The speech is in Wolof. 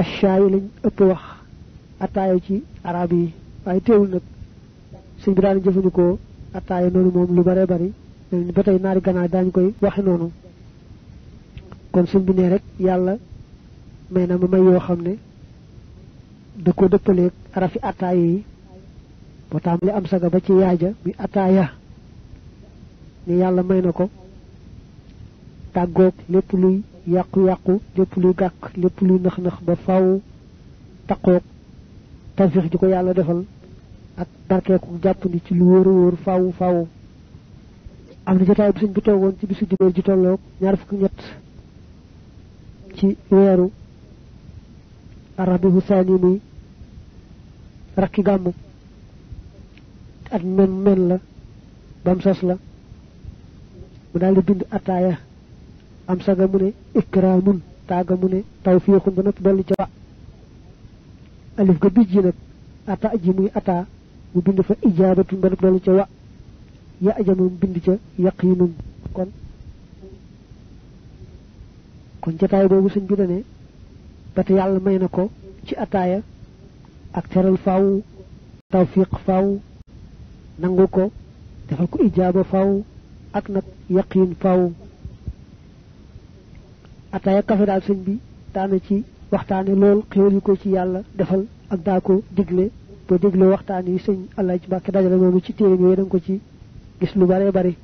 ashay lañ ëpp wax ataay ci arab yi waaye teewul nag suñ bi daan jëfandikoo ataaya noonu moom lu bare bari mel ni ba tey naari ganaar daañ koy waxe noonu kon suñ bi ne rek yàlla may na ma may yoo da ko dëppaleeg arafi ataay yi ba li am saga ba ci yaaja mi ataaya ni yàlla may na tagok tàggoog luy yàqu yàqu lépp luy gàkk lépp luy nax nax ba faw taqoog tawfiix ji ko yàlla defal ak barkeeku jàpp ni ci lu wóor wóor faw faw am na jotaay bi suñ bi toogoon ci bisu jubeer ji tolloog ñaar fukki ñett ci weeru arabi husani muy rakki gàmm at men men la bam sos la mu daal di bind ataaya am saga mu ne ikramun taaga mu ne tawfiqun ba nopp dolli ci wa alif ga bijji nak ata ji muy ata mu bind fa ijabatun ba nopp dolli ci wa ya ajamu bind ci yaqinun kon kon jotaay boobu suñ bi dane bat yalla may nako ci ataya ak teral faaw tawfiq faaw nangu defal ko ijaba faaw ak nak yaqin faaw ataaya kafe daal sëñ bi daana ci waxtaane lool xéwal yi ko ci yàlla defal ak daa ko digle boo digle waxtaan yi sëñ Alaaji Mbàkke dajale noonu ci téere yooyu da ko ci gis lu bare bari